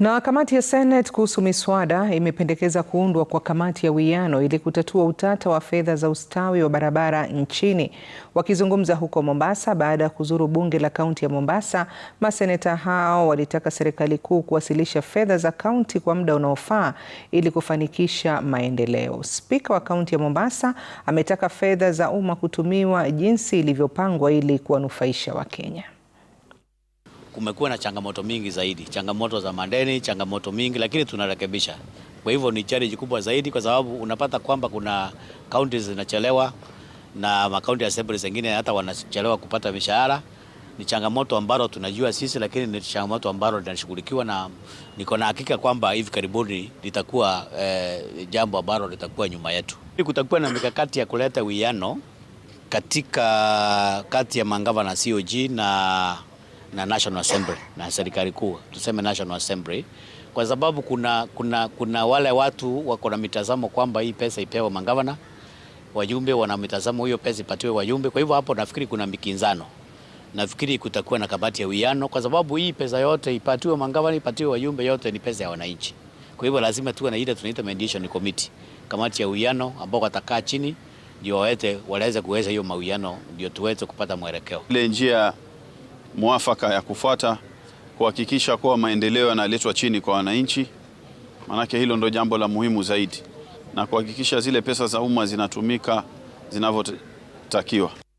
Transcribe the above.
Na kamati ya Seneti kuhusu miswada imependekeza kuundwa kwa kamati ya uwiano ili kutatua utata wa fedha za ustawi wa barabara nchini. Wakizungumza huko Mombasa baada ya kuzuru bunge la kaunti ya Mombasa, maseneta hao walitaka serikali kuu kuwasilisha fedha za kaunti kwa muda unaofaa ili kufanikisha maendeleo. Spika wa kaunti ya Mombasa ametaka fedha za umma kutumiwa jinsi ilivyopangwa ili kuwanufaisha Wakenya kumekuwa na changamoto mingi zaidi, changamoto za madeni, changamoto mingi, lakini tunarekebisha. Kwa hivyo ni challenge kubwa zaidi, kwa sababu unapata kwamba kuna kaunti zinachelewa na makaunti assembly zingine hata wanachelewa kupata mishahara. Ni changamoto ambalo tunajua sisi, lakini ni changamoto ambalo linashughulikiwa, na niko na hakika kwamba hivi karibuni litakuwa eh, jambo ambalo litakuwa nyuma yetu. Kutakuwa na mikakati ya kuleta wiano katika kati ya Mangava na COG na na National Assembly na serikali kuu, tuseme National Assembly, kwa sababu kuna, kuna, kuna wale watu wako na mitazamo kwamba hii pesa ipewe magavana, wajumbe wana mitazamo hiyo pesa ipatiwe wajumbe. Kwa hivyo hapo nafikiri kuna mikinzano, nafikiri kutakuwa na kamati ya uwiano, kwa sababu hii pesa yote ipatiwe magavana, ipatiwe wajumbe, yote ni pesa ya wananchi. Kwa hivyo lazima tuwe na ile tunaita mediation committee, kamati ya uwiano ambao watakaa chini ndio waweze kuweza hiyo mawiano, ndio tuweze kupata mwelekeo ile njia mwafaka ya kufuata kuhakikisha kuwa maendeleo yanaletwa chini kwa wananchi, maanake hilo ndo jambo la muhimu zaidi, na kuhakikisha zile pesa za umma zinatumika zinavyotakiwa.